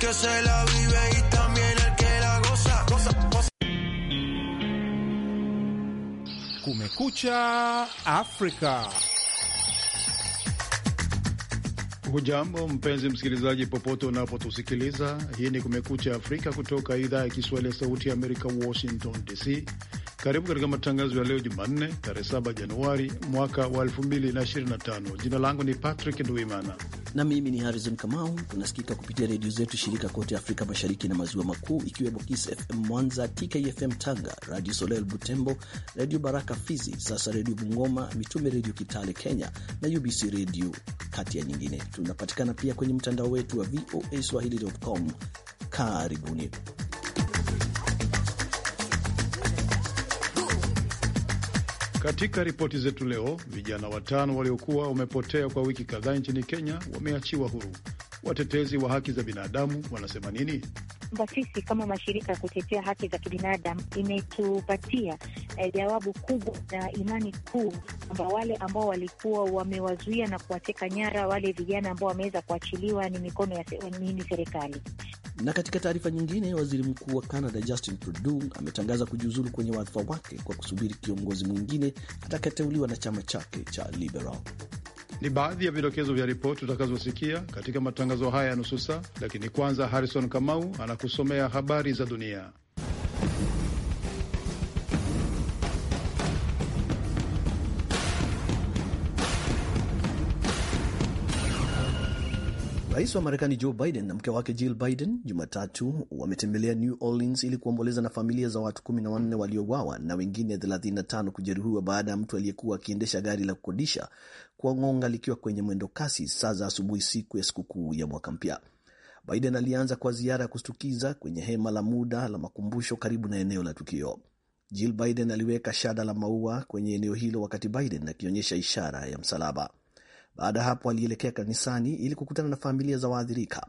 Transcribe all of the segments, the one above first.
que se la vive y también el que la goza. goza, goza. Kumekucha Afrika. Hujambo mpenzi msikilizaji, popote unapotusikiliza. Hii ni Kumekucha Afrika kutoka idhaa ya Kiswahili ya Sauti ya Amerika, Washington DC. Karibu katika matangazo ya leo Jumanne, tarehe 7 Januari mwaka wa 2025. Jina langu ni Patrick Nduimana na mimi ni Harrison Kamau. Tunasikika kupitia redio zetu shirika kote Afrika Mashariki na Maziwa Makuu, ikiwemo Kiss FM Mwanza, TKFM Tanga, Radio Soleil Butembo, Redio Baraka Fizi, Sasa Redio Bungoma, Mitume Redio Kitale Kenya na UBC Redio, kati ya nyingine. Tunapatikana pia kwenye mtandao wetu wa VOA Swahili.com. Karibuni. Katika ripoti zetu leo, vijana watano waliokuwa wamepotea kwa wiki kadhaa nchini Kenya wameachiwa huru. Watetezi wa haki za binadamu wanasema nini? Sisi kama mashirika ya kutetea haki za kibinadamu imetupatia eh, jawabu kubwa na imani kuu kwamba wale ambao walikuwa wamewazuia na kuwateka nyara wale vijana ambao wameweza kuachiliwa ni mikono ya serikali. Na katika taarifa nyingine, waziri mkuu wa Canada Justin Trudeau ametangaza kujiuzulu kwenye wadhifa wake kwa kusubiri kiongozi mwingine atakayeteuliwa na chama chake cha Liberal. Ni baadhi ya vidokezo vya ripoti utakazosikia katika matangazo haya ya nusu saa, lakini kwanza, Harrison Kamau anakusomea habari za dunia. Rais wa Marekani Joe Biden na mke wake Jill Biden Jumatatu wametembelea New Orleans ili kuomboleza na familia za watu kumi na wanne waliouawa na wengine 35 kujeruhiwa baada ya mtu aliyekuwa akiendesha gari la kukodisha ngonga likiwa kwenye mwendo kasi saa za asubuhi siku ya sikukuu ya mwaka mpya. Biden alianza kwa ziara ya kushtukiza kwenye hema la muda la makumbusho karibu na eneo la tukio. Jill Biden aliweka shada la maua kwenye eneo hilo wakati Biden akionyesha ishara ya msalaba. Baada ya hapo alielekea kanisani ili kukutana na familia za waathirika.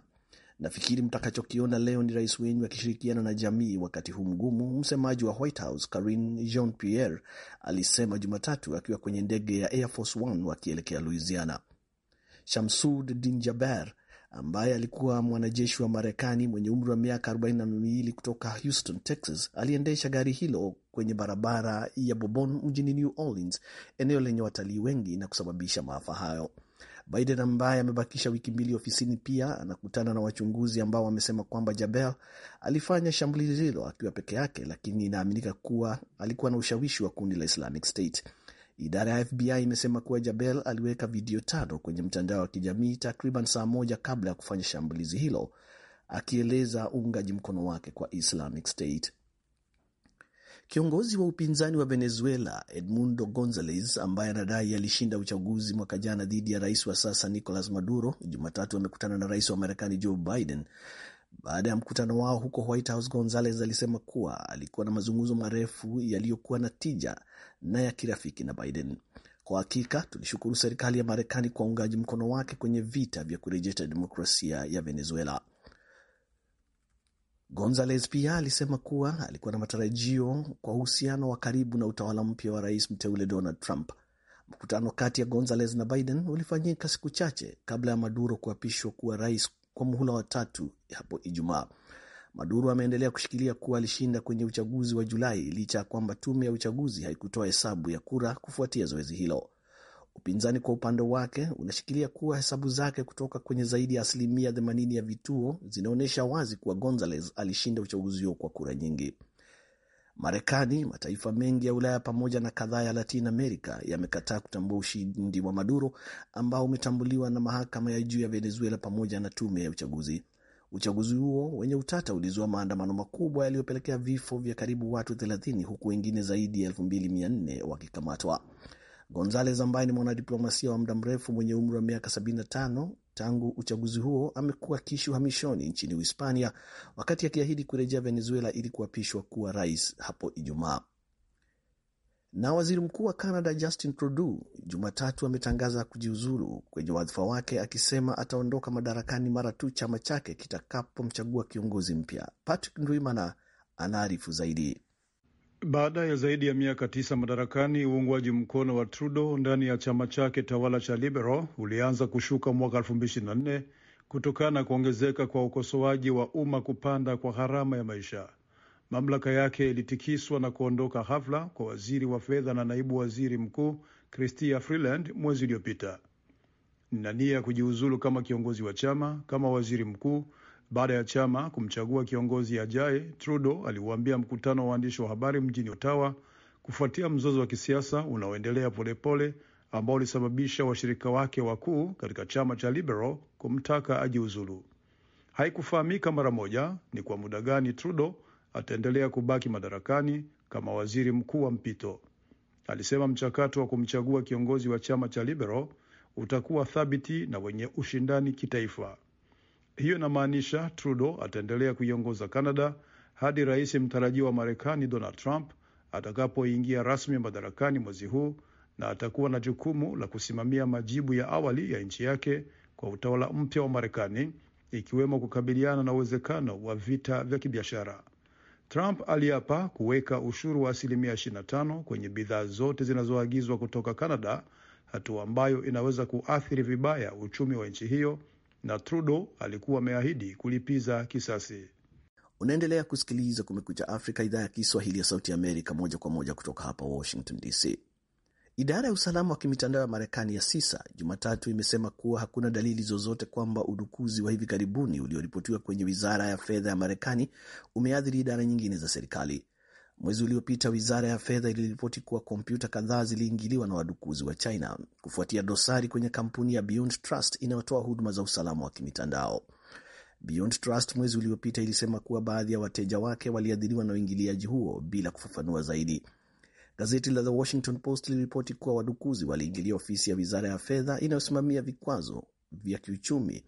Nafikiri mtakachokiona leo ni rais wenyu akishirikiana na jamii wakati huu mgumu, msemaji wa White House Karine Jean-Pierre alisema Jumatatu akiwa kwenye ndege ya Air Force One wakielekea Louisiana. Shamsud Din Jaber ambaye alikuwa mwanajeshi wa Marekani mwenye umri wa miaka 42 kutoka Houston, Texas, aliendesha gari hilo kwenye barabara ya Bourbon mjini New Orleans, eneo lenye watalii wengi na kusababisha maafa hayo. Biden ambaye amebakisha wiki mbili ofisini pia anakutana na wachunguzi ambao wamesema kwamba Jabel alifanya shambulizi hilo akiwa peke yake, lakini inaaminika kuwa alikuwa na ushawishi wa kundi la Islamic State. Idara ya FBI imesema kuwa Jabel aliweka video tano kwenye mtandao wa kijamii takriban saa moja kabla ya kufanya shambulizi hilo, akieleza uungaji mkono wake kwa Islamic State. Kiongozi wa upinzani wa Venezuela Edmundo Gonzalez, ambaye anadai alishinda uchaguzi mwaka jana dhidi ya rais wa sasa Nicolas Maduro, Jumatatu amekutana na rais wa Marekani Joe Biden. Baada ya mkutano wao huko White House, Gonzalez alisema kuwa alikuwa na mazungumzo marefu yaliyokuwa na tija na ya kirafiki na Biden. Kwa hakika tulishukuru serikali ya Marekani kwa uungaji mkono wake kwenye vita vya kurejesha demokrasia ya Venezuela. Gonzales pia alisema kuwa alikuwa na matarajio kwa uhusiano wa karibu na utawala mpya wa rais mteule Donald Trump. Mkutano kati ya Gonzales na Biden ulifanyika siku chache kabla ya Maduro kuapishwa kuwa rais kwa muhula wa tatu hapo Ijumaa. Maduro ameendelea kushikilia kuwa alishinda kwenye uchaguzi wa Julai licha ya kwamba tume ya uchaguzi haikutoa hesabu ya kura kufuatia zoezi hilo. Upinzani kwa upande wake unashikilia kuwa hesabu zake kutoka kwenye zaidi ya asilimia 80 ya vituo zinaonyesha wazi kuwa Gonzales alishinda uchaguzi huo kwa kura nyingi. Marekani, mataifa mengi ya Ulaya pamoja na kadhaa ya Latin America yamekataa kutambua ushindi wa Maduro ambao umetambuliwa na mahakama ya juu ya Venezuela pamoja na tume ya uchaguzi. Uchaguzi huo wenye utata ulizua maandamano makubwa yaliyopelekea vifo vya karibu watu 30 huku wengine zaidi ya 2400 wakikamatwa. Gonzales ambaye ni mwanadiplomasia wa muda mrefu mwenye umri wa miaka 75 tangu uchaguzi huo amekuwa akiishi uhamishoni nchini Uhispania wakati akiahidi kurejea Venezuela ili kuapishwa kuwa rais hapo Ijumaa. Na waziri mkuu wa Canada Justin Trudeau Jumatatu ametangaza kujiuzulu kwenye wadhifa wake akisema ataondoka madarakani mara tu chama chake kitakapomchagua kiongozi mpya. Patrick Ndwimana anaarifu zaidi. Baada ya zaidi ya miaka tisa madarakani, uungwaji mkono wa Trudeau ndani ya chama chake tawala cha Liberal ulianza kushuka mwaka 2024 kutokana na kuongezeka kwa ukosoaji wa umma kupanda kwa gharama ya maisha. Mamlaka yake ilitikiswa na kuondoka ghafla kwa waziri wa fedha na naibu waziri mkuu Chrystia Freeland mwezi uliopita. Nina nia ya kujiuzulu kama kiongozi wa chama kama waziri mkuu baada ya chama kumchagua kiongozi ajaye, Trudeau aliuambia mkutano wa waandishi wa habari mjini Ottawa kufuatia mzozo wa kisiasa unaoendelea polepole ambao ulisababisha washirika wake wakuu katika chama cha Liberal kumtaka ajiuzulu. Haikufahamika mara moja ni kwa muda gani Trudeau ataendelea kubaki madarakani kama waziri mkuu wa mpito. Alisema mchakato wa kumchagua kiongozi wa chama cha Liberal utakuwa thabiti na wenye ushindani kitaifa. Hiyo inamaanisha Trudeau ataendelea kuiongoza Canada hadi rais mtarajiwa wa Marekani Donald Trump atakapoingia rasmi madarakani mwezi huu, na atakuwa na jukumu la kusimamia majibu ya awali ya nchi yake kwa utawala mpya wa Marekani, ikiwemo kukabiliana na uwezekano wa vita vya kibiashara. Trump aliapa kuweka ushuru wa asilimia 25 kwenye bidhaa zote zinazoagizwa kutoka Canada, hatua ambayo inaweza kuathiri vibaya uchumi wa nchi hiyo, na Trudeau alikuwa ameahidi kulipiza kisasi. Unaendelea kusikiliza Kumekucha Afrika, idhaa ya Kiswahili ya Sauti ya Amerika, moja kwa moja kutoka hapa Washington DC. Idara ya usalama wa kimitandao ya Marekani ya CISA Jumatatu imesema kuwa hakuna dalili zozote kwamba udukuzi wa hivi karibuni ulioripotiwa kwenye wizara ya fedha ya Marekani umeathiri idara nyingine za serikali. Mwezi uliopita wizara ya fedha iliripoti kuwa kompyuta kadhaa ziliingiliwa na wadukuzi wa China kufuatia dosari kwenye kampuni ya Beyond Trust inayotoa huduma za usalama wa kimitandao. Beyond Trust mwezi uliopita ilisema kuwa baadhi ya wateja wake waliathiriwa na uingiliaji huo bila kufafanua zaidi. Gazeti la The Washington Post liliripoti kuwa wadukuzi waliingilia ofisi ya wizara ya fedha inayosimamia vikwazo vya kiuchumi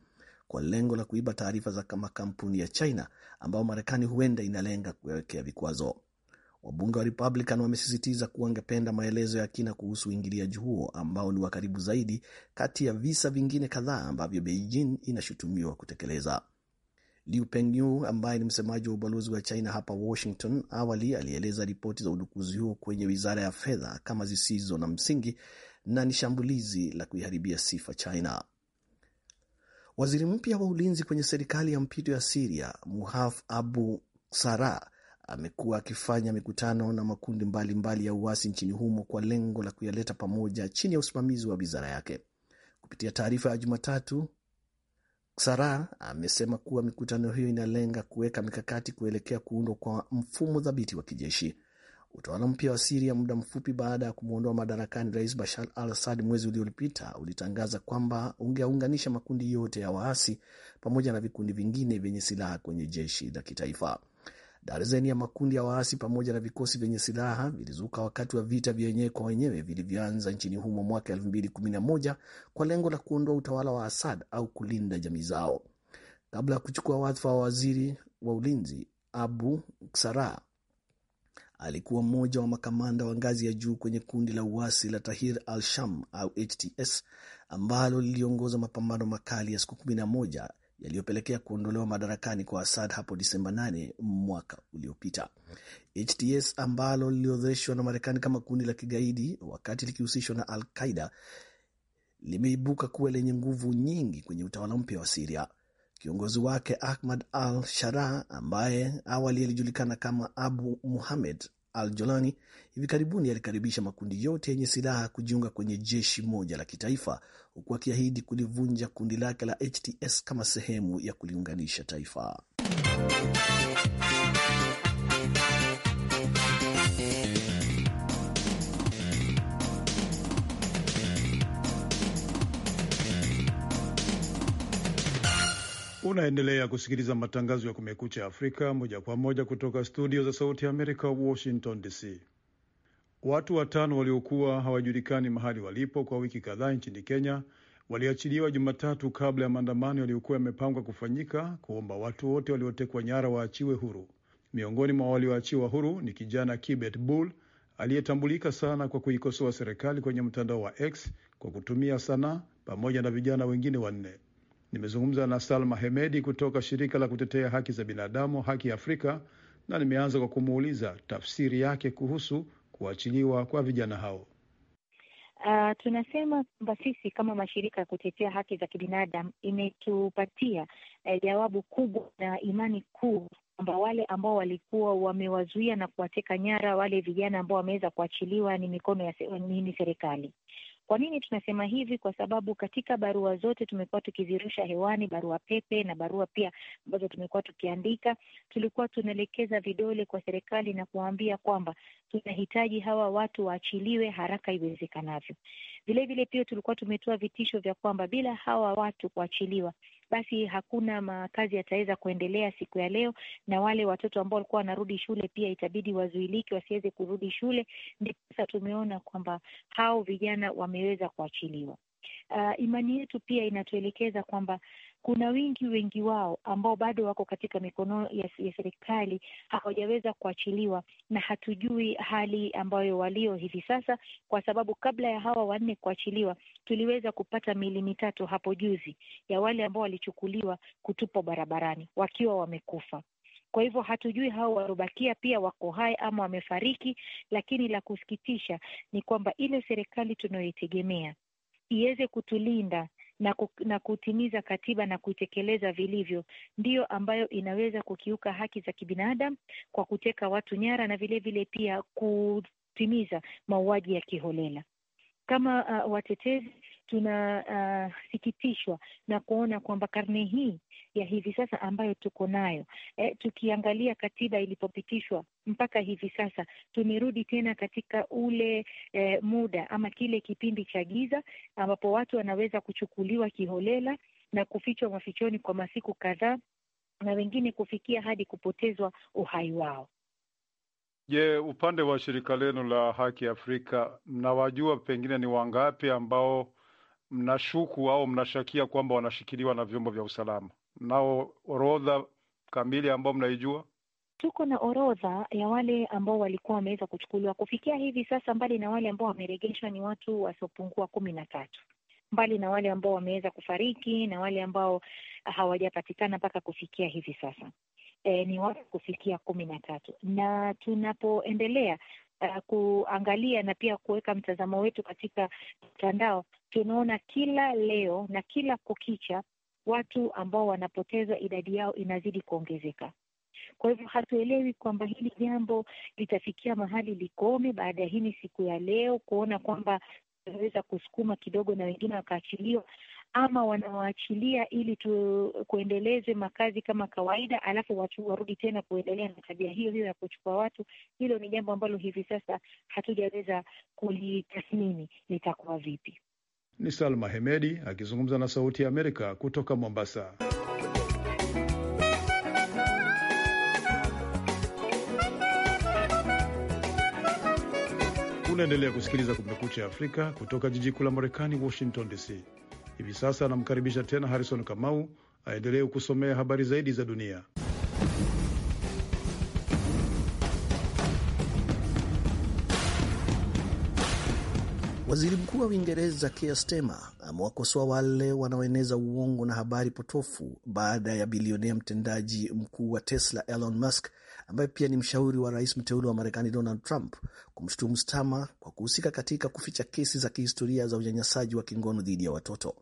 kwa lengo la kuiba taarifa za makampuni ya China ambayo Marekani huenda inalenga kuyawekea vikwazo. Wabunge wa Republican wamesisitiza kuwa wangependa maelezo ya kina kuhusu uingiliaji huo ambao ni wa karibu zaidi kati ya visa vingine kadhaa ambavyo Beijing inashutumiwa kutekeleza. Liu Pengyu ambaye ni msemaji wa ubalozi wa China hapa Washington awali alieleza ripoti za udukuzi huo kwenye wizara ya fedha kama zisizo na msingi na ni shambulizi la kuiharibia sifa China. Waziri mpya wa ulinzi kwenye serikali ya mpito ya Siria, Muhaf Abu Sara, amekuwa akifanya mikutano na makundi mbalimbali mbali ya uasi nchini humo kwa lengo la kuyaleta pamoja chini ya usimamizi wa wizara yake. Kupitia taarifa ya Jumatatu, sara amesema kuwa mikutano hiyo inalenga kuweka mikakati kuelekea kuundwa kwa mfumo thabiti wa kijeshi. Utawala mpya wa Siria, muda mfupi baada ya kumwondoa madarakani Rais Bashar al Assad mwezi uliopita, ulitangaza kwamba ungeunganisha makundi yote ya waasi pamoja na vikundi vingine vyenye silaha kwenye jeshi la kitaifa. Darzeni ya makundi ya waasi pamoja na vikosi vyenye silaha vilizuka wakati wa vita vya wenyewe kwa wenyewe vilivyoanza nchini humo mwaka 2011 kwa lengo la kuondoa utawala wa Assad au kulinda jamii zao. Kabla ya kuchukua wadhifa wa waziri wa ulinzi, Abu Ksara alikuwa mmoja wa makamanda wa ngazi ya juu kwenye kundi la uasi la Tahrir al-Sham au HTS ambalo liliongoza mapambano makali ya siku 11 yaliyopelekea kuondolewa madarakani kwa Assad hapo Disemba 8 mwaka uliopita. HTS ambalo liliorodheshwa na Marekani kama kundi la kigaidi wakati likihusishwa na Al Qaida limeibuka kuwa lenye nguvu nyingi kwenye utawala mpya wa Siria. Kiongozi wake Ahmad Al Shara, ambaye awali alijulikana kama Abu Muhamed, al-Jolani hivi karibuni alikaribisha makundi yote yenye silaha kujiunga kwenye jeshi moja la kitaifa huku akiahidi kulivunja kundi lake la HTS kama sehemu ya kuliunganisha taifa. Unaendelea kusikiliza matangazo ya Kumekucha Afrika moja kwa moja kutoka studio za Sauti ya Amerika, Washington DC. Watu watano waliokuwa hawajulikani mahali walipo kwa wiki kadhaa nchini Kenya waliachiliwa Jumatatu kabla ya maandamano yaliyokuwa yamepangwa kufanyika kuomba watu wote waliotekwa nyara waachiwe huru. Miongoni mwa walioachiwa huru ni kijana Kibet Bull aliyetambulika sana kwa kuikosoa serikali kwenye mtandao wa X kwa kutumia sanaa pamoja na vijana wengine wanne. Nimezungumza na Salma Hemedi kutoka shirika la kutetea haki za binadamu Haki Afrika na nimeanza kwa kumuuliza tafsiri yake kuhusu kuachiliwa kwa vijana hao. Uh, tunasema kwamba sisi kama mashirika ya kutetea haki za kibinadamu imetupatia eh, jawabu kubwa na imani kuu kwamba wale ambao walikuwa wamewazuia na kuwateka nyara wale vijana ambao wameweza kuachiliwa ni mikono ya se, ni serikali. Kwa nini tunasema hivi? Kwa sababu katika barua zote tumekuwa tukizirusha hewani, barua pepe na barua pia ambazo tumekuwa tukiandika, tulikuwa tunaelekeza vidole kwa serikali na kuwaambia kwamba tunahitaji hawa watu waachiliwe haraka iwezekanavyo. Vilevile pia tulikuwa tumetoa vitisho vya kwamba bila hawa watu kuachiliwa basi hakuna makazi yataweza kuendelea siku ya leo, na wale watoto ambao walikuwa wanarudi shule pia itabidi wazuiliki wasiweze kurudi shule. Ndiposa tumeona kwamba hao vijana wameweza kuachiliwa. Uh, imani yetu pia inatuelekeza kwamba kuna wingi wengi wao ambao bado wako katika mikono ya, ya serikali hawajaweza kuachiliwa, na hatujui hali ambayo walio hivi sasa, kwa sababu kabla ya hawa wanne kuachiliwa tuliweza kupata miili mitatu hapo juzi ya wale ambao walichukuliwa kutupwa barabarani wakiwa wamekufa. Kwa hivyo hatujui hao waliobakia pia wako hai ama wamefariki, lakini la kusikitisha ni kwamba ile serikali tunayoitegemea iweze kutulinda na, ku, na kutimiza katiba na kuitekeleza vilivyo, ndiyo ambayo inaweza kukiuka haki za kibinadamu kwa kuteka watu nyara na vilevile vile pia kutimiza mauaji ya kiholela. Kama uh, watetezi tunasikitishwa uh, na kuona kwamba karne hii ya hivi sasa ambayo tuko nayo. E, tukiangalia katiba ilipopitishwa mpaka hivi sasa tumerudi tena katika ule e, muda ama kile kipindi cha giza ambapo watu wanaweza kuchukuliwa kiholela na kufichwa mafichoni kwa masiku kadhaa na wengine kufikia hadi kupotezwa uhai wao. Je, upande wa shirika lenu la Haki Afrika mnawajua pengine ni wangapi ambao mnashuku au mnashakia kwamba wanashikiliwa na vyombo vya usalama? Mnao orodha kamili ambao mnaijua? Tuko na orodha ya wale ambao walikuwa wameweza kuchukuliwa kufikia hivi sasa. Mbali na wale ambao wameregeshwa, ni watu wasiopungua kumi na tatu, mbali na wale ambao wameweza kufariki na wale ambao hawajapatikana mpaka kufikia hivi sasa. E, ni watu kufikia kumi na tatu, na tunapoendelea uh, kuangalia na pia kuweka mtazamo wetu katika mtandao, tunaona kila leo na kila kukicha watu ambao wanapoteza idadi yao inazidi kuongezeka. Kwa hivyo hatuelewi kwamba hili jambo litafikia mahali likome baada ya hii siku ya leo, kuona kwamba tunaweza kusukuma kidogo na wengine wakaachiliwa, ama wanawaachilia ili tu kuendeleze makazi kama kawaida, alafu watu warudi tena kuendelea na tabia hiyo hiyo ya kuchukua watu. Hilo ni jambo ambalo hivi sasa hatujaweza kulitathmini litakuwa vipi. Ni Salma Hemedi akizungumza na Sauti ya Amerika kutoka Mombasa. Unaendelea kusikiliza Kumekucha Afrika kutoka jiji kuu la Marekani, Washington DC. Hivi sasa anamkaribisha tena Harrison Kamau aendelee kusomea habari zaidi za dunia. Waziri Mkuu wa Uingereza Keir Starmer amewakosoa wale wanaoeneza uongo na habari potofu baada ya bilionea mtendaji mkuu wa Tesla Elon Musk, ambaye pia ni mshauri wa rais mteule wa Marekani Donald Trump, kumshutumu Starmer kwa kuhusika katika kuficha kesi za kihistoria za unyanyasaji wa kingono dhidi ya watoto.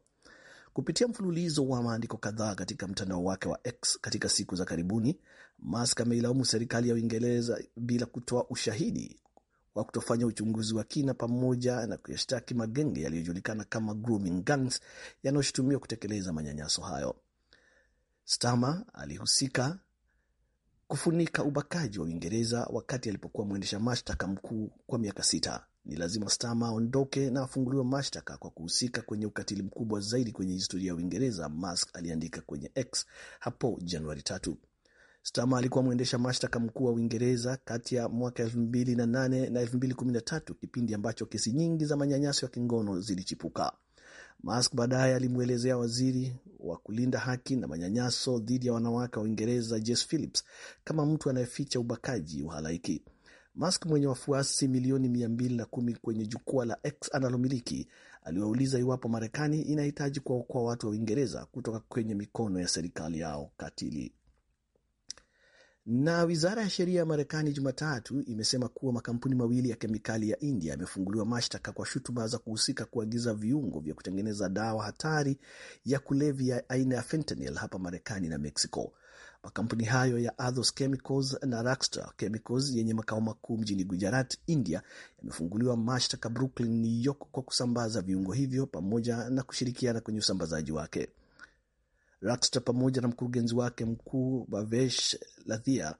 Kupitia mfululizo wa maandiko kadhaa katika mtandao wake wa X katika siku za karibuni, Musk ameilaumu serikali ya Uingereza bila kutoa ushahidi wa kutofanya uchunguzi wa kina pamoja na kuyashtaki magenge yaliyojulikana kama grooming gangs yanayoshutumiwa kutekeleza manyanyaso hayo. Stama alihusika kufunika ubakaji wa Uingereza wakati alipokuwa mwendesha mashtaka mkuu kwa miaka sita. Ni lazima Stama aondoke na afunguliwe mashtaka kwa kuhusika kwenye ukatili mkubwa zaidi kwenye historia ya Uingereza, Musk aliandika kwenye X hapo Januari tatu. Starmer alikuwa mwendesha mashtaka mkuu wa Uingereza kati ya mwaka 2008 na 2013, kipindi ambacho kesi nyingi za manyanyaso ya kingono zilichipuka. Musk baadaye alimwelezea waziri wa kulinda haki na manyanyaso dhidi ya wanawake wa Uingereza Jess Phillips kama mtu anayeficha ubakaji uhalaiki. Musk mwenye wafuasi milioni 210 kwenye jukwaa la X analomiliki aliwauliza iwapo Marekani inahitaji kuwaokoa watu wa Uingereza kutoka kwenye mikono ya serikali yao katili. Na wizara ya sheria ya Marekani Jumatatu imesema kuwa makampuni mawili ya kemikali ya India yamefunguliwa mashtaka kwa shutuma za kuhusika kuagiza viungo vya kutengeneza dawa hatari ya kulevya aina ya fentanyl hapa Marekani na Mexico. Makampuni hayo ya Athos Chemicals na Raxtra Chemicals yenye makao makuu mjini Gujarat, India, yamefunguliwa mashtaka Brooklyn, New York, kwa kusambaza viungo hivyo pamoja na kushirikiana kwenye usambazaji wake. Rakster pamoja na mkurugenzi wake mkuu Bavesh Lathia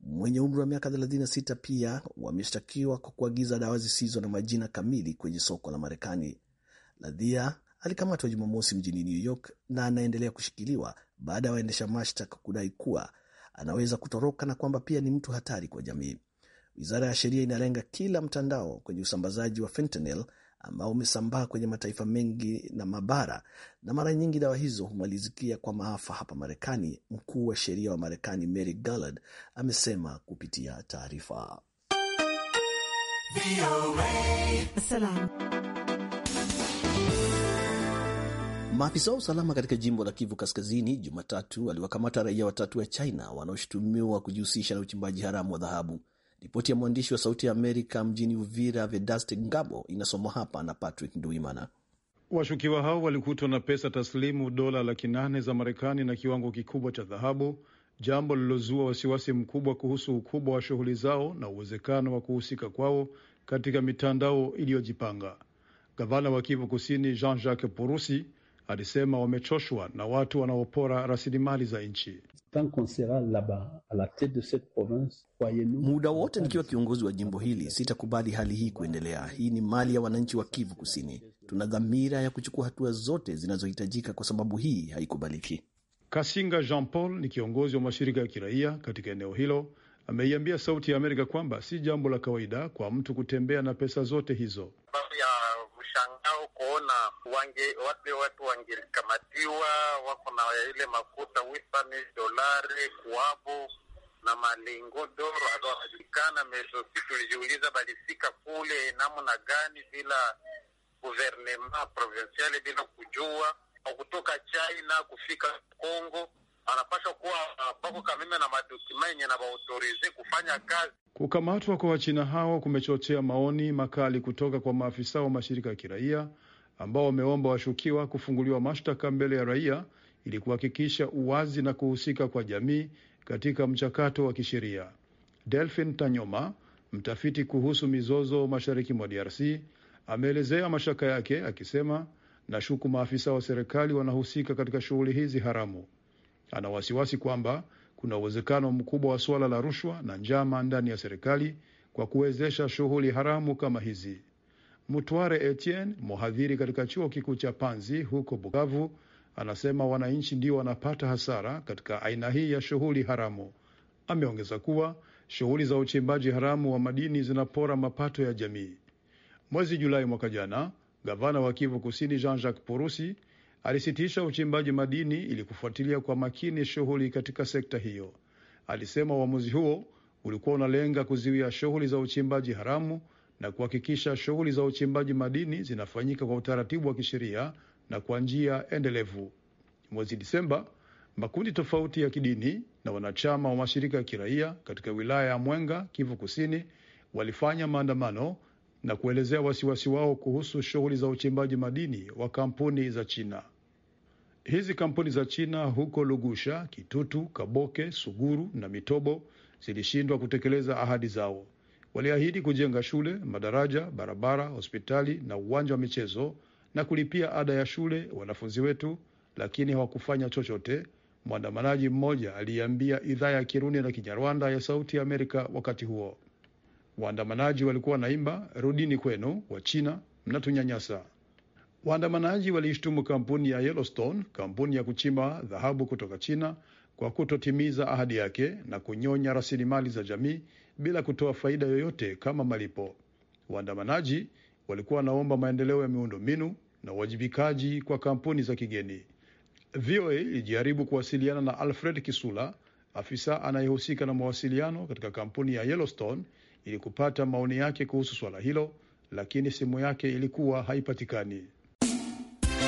mwenye umri wa miaka 36 pia wameshtakiwa kwa kuagiza dawa zisizo na majina kamili kwenye soko la Marekani. Lathia alikamatwa Jumamosi mjini New York na anaendelea kushikiliwa baada ya waendesha mashtaka kudai kuwa anaweza kutoroka na kwamba pia ni mtu hatari kwa jamii. Wizara ya sheria inalenga kila mtandao kwenye usambazaji wa fentanyl ambao umesambaa kwenye mataifa mengi na mabara, na mara nyingi dawa hizo humalizikia kwa maafa hapa Marekani. Mkuu wa sheria wa Marekani Mary Garland amesema kupitia taarifa Maafisa wa usalama katika jimbo la Kivu Kaskazini Jumatatu aliwakamata raia watatu wa China wanaoshutumiwa kujihusisha na uchimbaji haramu wa dhahabu. Ripoti ya mwandishi wa Sauti ya Amerika mjini Uvira, Vedaste Ngabo, inasomwa hapa na Patrick Nduimana. Washukiwa hao walikutwa na pesa taslimu dola laki nane za Marekani na kiwango kikubwa cha dhahabu, jambo lililozua wasiwasi mkubwa kuhusu ukubwa wa shughuli zao na uwezekano wa kuhusika kwao katika mitandao iliyojipanga. Gavana wa Kivu Kusini Jean Jacques Purusi alisema wamechoshwa na watu wanaopora rasilimali za nchi. Muda wote nikiwa kiongozi wa jimbo hili sitakubali hali hii kuendelea. Hii ni mali ya wananchi wa Kivu Kusini. Tuna dhamira ya kuchukua hatua zote zinazohitajika kwa sababu hii haikubaliki. Kasinga Jean Paul ni kiongozi wa mashirika ya kiraia katika eneo hilo, ameiambia Sauti ya Amerika kwamba si jambo la kawaida kwa mtu kutembea na pesa zote hizo ya mshangao kuona wange, wale watu wangekamatiwa wako na ile makuta wipani dolari kuabo na malingo doro adoajulikana mesosi. Tulijiuliza balifika kule namna gani bila guvernema provinciale bila kujua, kutoka China kufika Kongo anapaswa kuwa uh, bako kamime na madokumenti yenye na baautorize kufanya kazi. Kukamatwa kwa wachina hao kumechochea maoni makali kutoka kwa maafisa wa mashirika ya kiraia ambao wameomba washukiwa kufunguliwa mashtaka mbele ya raia ili kuhakikisha uwazi na kuhusika kwa jamii katika mchakato wa kisheria. Delphin Tanyoma, mtafiti kuhusu mizozo mashariki mwa DRC, ameelezea mashaka yake akisema, nashuku maafisa wa serikali wanahusika katika shughuli hizi haramu. Ana wasiwasi kwamba kuna uwezekano mkubwa wa suala la rushwa na njama ndani ya serikali kwa kuwezesha shughuli haramu kama hizi. Mutware Etienne, mhadhiri katika chuo kikuu cha Panzi huko Bukavu, anasema wananchi ndio wanapata hasara katika aina hii ya shughuli haramu. Ameongeza kuwa shughuli za uchimbaji haramu wa madini zinapora mapato ya jamii. Mwezi Julai mwaka jana, gavana wa Kivu Kusini Jean Jacques Porusi alisitisha uchimbaji madini ili kufuatilia kwa makini shughuli katika sekta hiyo. Alisema uamuzi huo ulikuwa unalenga kuziwia shughuli za uchimbaji haramu na kuhakikisha shughuli za uchimbaji madini zinafanyika kwa utaratibu wa kisheria na kwa njia endelevu. Mwezi Disemba, makundi tofauti ya kidini na wanachama wa mashirika ya kiraia katika wilaya ya Mwenga, Kivu Kusini, walifanya maandamano na kuelezea wasiwasi wao kuhusu shughuli za uchimbaji madini wa kampuni za China. Hizi kampuni za China huko Lugusha, Kitutu, Kaboke, Suguru na Mitobo zilishindwa kutekeleza ahadi zao. Waliahidi kujenga shule, madaraja, barabara, hospitali na uwanja wa michezo na kulipia ada ya shule wanafunzi wetu, lakini hawakufanya chochote, mwandamanaji mmoja aliambia idhaa ya Kirundi na Kinyarwanda ya Sauti ya Amerika. Wakati huo waandamanaji walikuwa wanaimba, rudini kwenu, wa china mnatunyanyasa. Waandamanaji waliishtumu kampuni ya Yellowstone, kampuni ya kuchimba dhahabu kutoka China, kwa kutotimiza ahadi yake na kunyonya rasilimali za jamii bila kutoa faida yoyote kama malipo. Waandamanaji walikuwa wanaomba maendeleo ya miundombinu na uwajibikaji kwa kampuni za kigeni. VOA ilijaribu kuwasiliana na Alfred Kisula, afisa anayehusika na mawasiliano katika kampuni ya Yellowstone, ili kupata maoni yake kuhusu swala hilo, lakini simu yake ilikuwa haipatikani.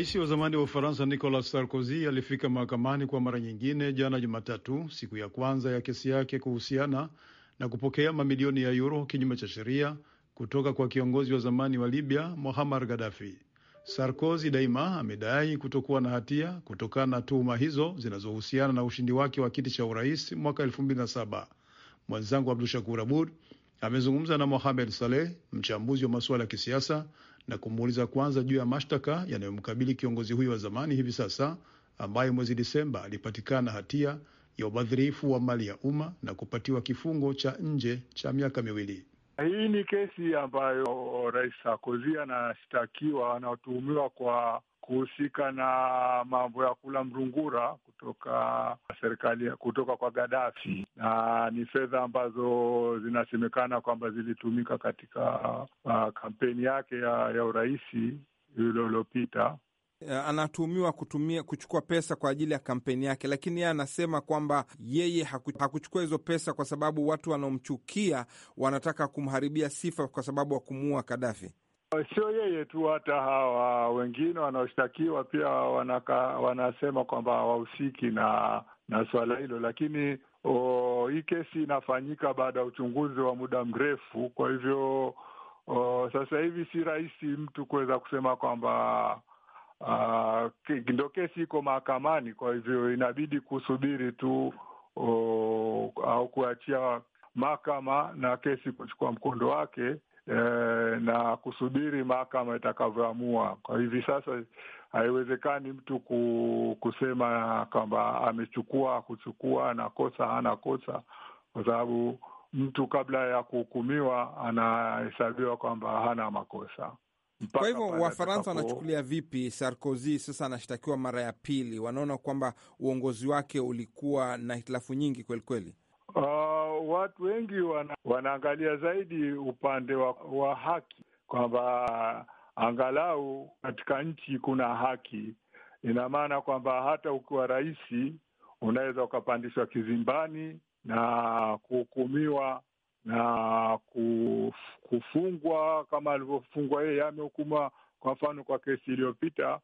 Rais wa zamani wa Ufaransa Nicolas Sarkozy alifika mahakamani kwa mara nyingine jana Jumatatu, siku ya kwanza ya kesi yake kuhusiana na kupokea mamilioni ya yuro kinyume cha sheria kutoka kwa kiongozi wa zamani wa Libya mohamar Gaddafi. Sarkozy daima amedai kutokuwa na hatia kutokana na tuhuma hizo zinazohusiana na ushindi wake wa kiti cha urais mwaka 2007. Mwenzangu abdu Shakur Abud amezungumza na Mohamed Saleh, mchambuzi wa masuala ya kisiasa na kumuuliza kwanza juu ya mashtaka yanayomkabili kiongozi huyo wa zamani hivi sasa ambaye mwezi disemba alipatikana hatia ya ubadhirifu wa mali ya umma na kupatiwa kifungo cha nje cha miaka miwili. Hii ni kesi ambayo oh, Rais Sarkozy anashtakiwa, anatuhumiwa kwa kuhusika na mambo ya kula mrungura kutoka serikali, kutoka kwa Gaddafi, na ni fedha ambazo zinasemekana kwamba zilitumika katika uh, kampeni yake ya, ya urais yule uliopita Eh, anatuhumiwa kutumia kuchukua pesa kwa ajili ya kampeni yake, lakini yeye anasema kwamba yeye hakuchukua hizo pesa kwa sababu watu wanaomchukia wanataka kumharibia sifa kwa sababu wa kumuua Kadafi. Eh, sio yeye tu, hata hawa wengine wanaoshtakiwa pia wanaka, wanasema kwamba hawahusiki na na swala hilo, lakini hii kesi inafanyika baada ya uchunguzi wa muda mrefu. Kwa hivyo sasa hivi si rahisi mtu kuweza kusema kwamba Uh, ah, ndo kesi iko mahakamani, kwa hivyo inabidi kusubiri tu uh, au kuachia mahakama na kesi kuchukua mkondo wake e, na kusubiri mahakama itakavyoamua. Kwa hivi sasa haiwezekani mtu kusema kwamba amechukua na kosa hana kosa, kwa sababu mtu kabla ya kuhukumiwa anahesabiwa kwamba hana makosa. Kwa hivyo Wafaransa wanachukulia vipi Sarkozy sasa anashtakiwa mara ya pili? Wanaona kwamba uongozi wake ulikuwa na hitilafu nyingi kwelikweli. Uh, ah, watu wengi wana, wanaangalia zaidi upande wa, wa haki kwamba angalau katika nchi kuna haki. Ina maana kwamba hata ukiwa rais unaweza ukapandishwa kizimbani na kuhukumiwa na kufungwa kama alivyofungwa yeye, amehukuma kwa mfano kwa kesi iliyopita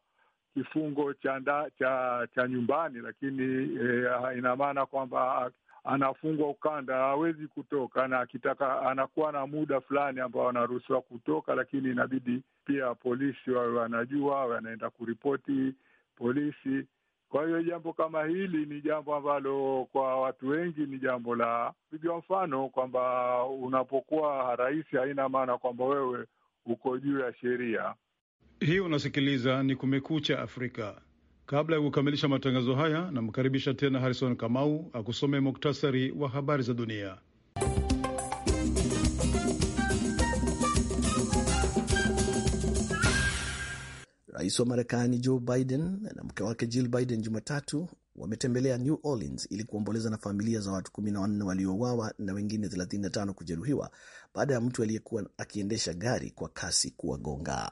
kifungo cha cha cha nyumbani, lakini e, ina maana kwamba anafungwa ukanda, hawezi kutoka, na akitaka anakuwa na muda fulani ambao anaruhusiwa kutoka, lakini inabidi pia polisi wawe wanajua, wanaenda kuripoti polisi kwa hiyo jambo kama hili ni jambo ambalo kwa watu wengi ni jambo la pigiwa mfano kwamba unapokuwa rais haina maana kwamba wewe uko juu ya sheria hii. Unasikiliza ni Kumekucha Afrika. Kabla ya kukamilisha matangazo haya, namkaribisha tena Harrison Kamau akusome muktasari wa habari za dunia. Rais wa Marekani Joe Biden na mke wake Jill Biden Jumatatu wametembelea New Orleans ili kuomboleza na familia za watu 14 waliouawa na wengine 35 kujeruhiwa baada ya mtu aliyekuwa akiendesha gari kwa kasi kuwagonga.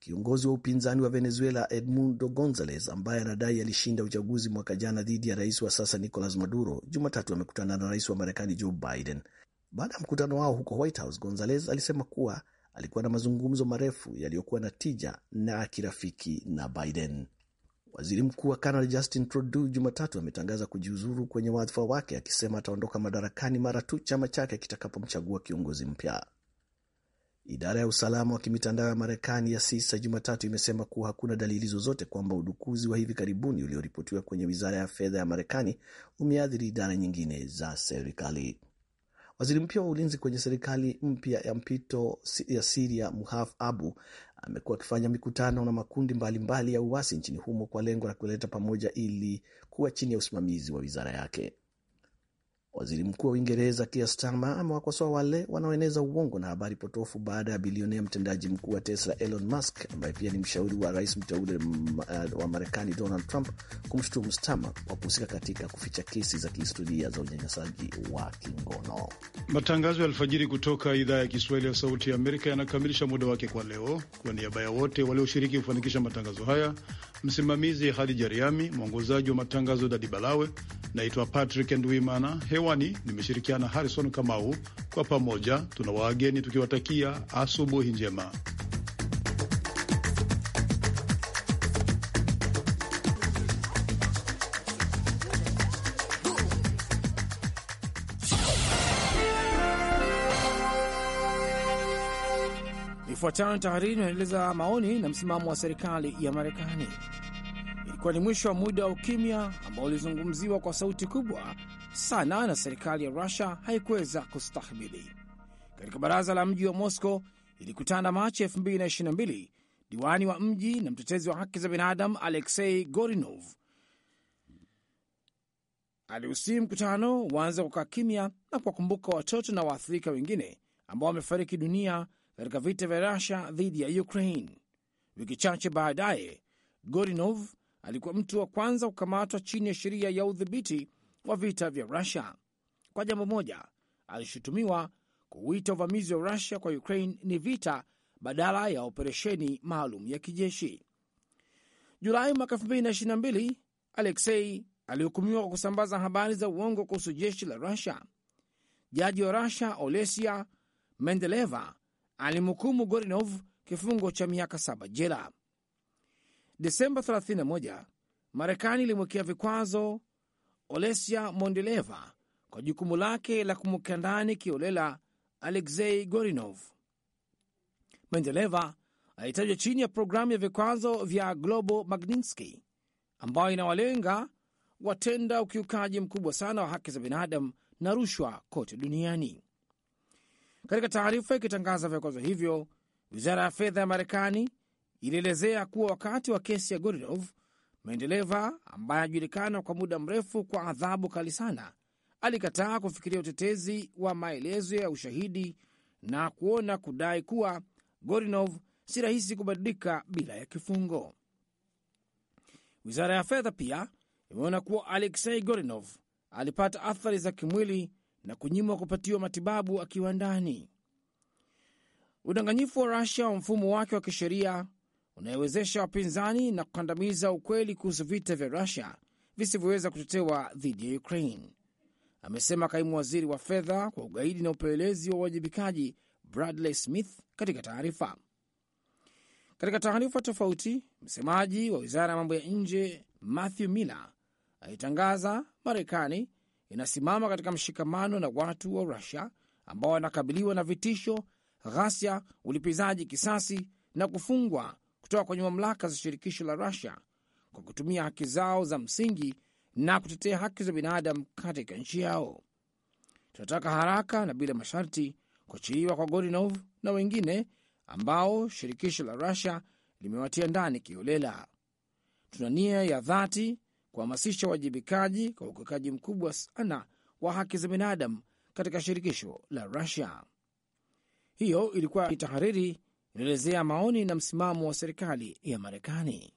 Kiongozi wa upinzani wa Venezuela Edmundo Gonzalez, ambaye anadai alishinda uchaguzi mwaka jana dhidi ya rais wa sasa Nicolas Maduro, Jumatatu amekutana na rais wa Marekani Joe Biden. Baada ya mkutano wao huko White House, Gonzalez alisema kuwa alikuwa na mazungumzo marefu yaliyokuwa na tija na kirafiki na Biden. Waziri mkuu wa Canada Justin Trudeau Jumatatu ametangaza kujiuzuru kwenye wadhifa wake akisema ataondoka madarakani mara tu chama chake kitakapomchagua kiongozi mpya. Idara ya usalama wa kimitandao ya Marekani ya sisa Jumatatu imesema kuwa hakuna dalili zozote kwamba udukuzi wa hivi karibuni ulioripotiwa kwenye wizara ya fedha ya Marekani umeathiri idara nyingine za serikali. Waziri mpya wa ulinzi kwenye serikali mpya ya mpito ya Siria, Muhaf Abu, amekuwa akifanya mikutano na makundi mbalimbali mbali ya uasi nchini humo kwa lengo la kuleta pamoja ili kuwa chini ya usimamizi wa wizara yake. Waziri Mkuu wa Uingereza Keir Starmer amewakosoa wale wanaoeneza uongo na habari potofu baada ya bilionea mtendaji mkuu wa Tesla Elon Musk, ambaye pia ni mshauri wa rais mteule uh, wa Marekani Donald Trump, kumshutumu Starmer kwa kuhusika katika kuficha kesi za kihistoria za unyanyasaji wa kingono. Matangazo ya alfajiri kutoka idhaa ya Kiswahili ya Sauti ya Amerika yanakamilisha muda wake kwa leo. Kwa niaba ya wote walioshiriki kufanikisha matangazo haya, msimamizi Hadija Riami, mwongozaji wa matangazo Dadi Balawe, naitwa Patrick Ndwimana hewa hewani, nimeshirikiana Harrison Kamau. Kwa pamoja tuna waageni tukiwatakia asubuhi njema. Ifuatayo ni tahariri inaeleza maoni na msimamo wa serikali ya Marekani. Ilikuwa ni mwisho wa muda wa ukimya ambao ulizungumziwa kwa sauti kubwa sana na serikali ya Rusia haikuweza kustahimili. Katika baraza la mji wa Moscow ilikutana Machi 2022 diwani wa mji na mtetezi wa haki za binadamu aleksei Gorinov alihusii mkutano waanza kukaa kimya na kuwakumbuka watoto na waathirika wengine ambao wamefariki dunia katika vita vya Rusia dhidi ya Ukraine. Wiki chache baadaye, Gorinov alikuwa mtu wa kwanza kukamatwa chini ya sheria ya udhibiti wa vita vya Rusia. Kwa jambo moja, alishutumiwa kuuita uvamizi wa Rusia kwa Ukraine ni vita badala ya operesheni maalum ya kijeshi. Julai mwaka 2022 Aleksei alihukumiwa kwa kusambaza habari za uongo kuhusu jeshi la Rusia. Jaji wa Rusia Olesia Mendeleva alimhukumu Gorinov kifungo cha miaka saba jela. Desemba 31 Marekani ilimwekea vikwazo Olesia Mondeleva kwa jukumu lake la kumweka ndani kiolela Alexei Gorinov. Mondeleva alitajwa chini ya programu ya vikwazo vya Global Magnitsky ambayo inawalenga watenda ukiukaji mkubwa sana wa haki za binadamu na rushwa kote duniani. Katika taarifa ikitangaza vikwazo hivyo, wizara ya fedha ya Marekani ilielezea kuwa wakati wa kesi ya Gorinov Mendeleva ambaye anajulikana kwa muda mrefu kwa adhabu kali sana, alikataa kufikiria utetezi wa maelezo ya ushahidi na kuona kudai kuwa Gorinov si rahisi kubadilika bila ya kifungo. Wizara ya fedha pia imeona kuwa Aleksei Gorinov alipata athari za kimwili na kunyimwa kupatiwa matibabu akiwa ndani. Udanganyifu wa Rusia wa mfumo wake wa kisheria unayewezesha wapinzani na kukandamiza ukweli kuhusu vita vya Rusia visivyoweza kutetewa dhidi ya Ukraine, amesema kaimu waziri wa fedha kwa ugaidi na upelelezi wa uwajibikaji Bradley Smith katika taarifa. Katika taarifa tofauti, msemaji wa wizara ya mambo ya nje Matthew Miller alitangaza Marekani inasimama katika mshikamano na watu wa Rusia ambao wanakabiliwa na vitisho, ghasia, ulipizaji kisasi na kufungwa kutoka kwenye mamlaka za shirikisho la Rusia kwa kutumia haki zao za msingi na kutetea haki za binadamu katika nchi yao. Tunataka haraka na bila masharti kuachiliwa kwa Gorinov na wengine ambao shirikisho la Rusia limewatia ndani kiholela. Tuna nia ya dhati kuhamasisha uwajibikaji kwa ukiukaji mkubwa sana wa haki za binadamu katika shirikisho la Rusia. Hiyo ilikuwa ni tahariri inaelezea maoni na msimamo wa serikali ya Marekani.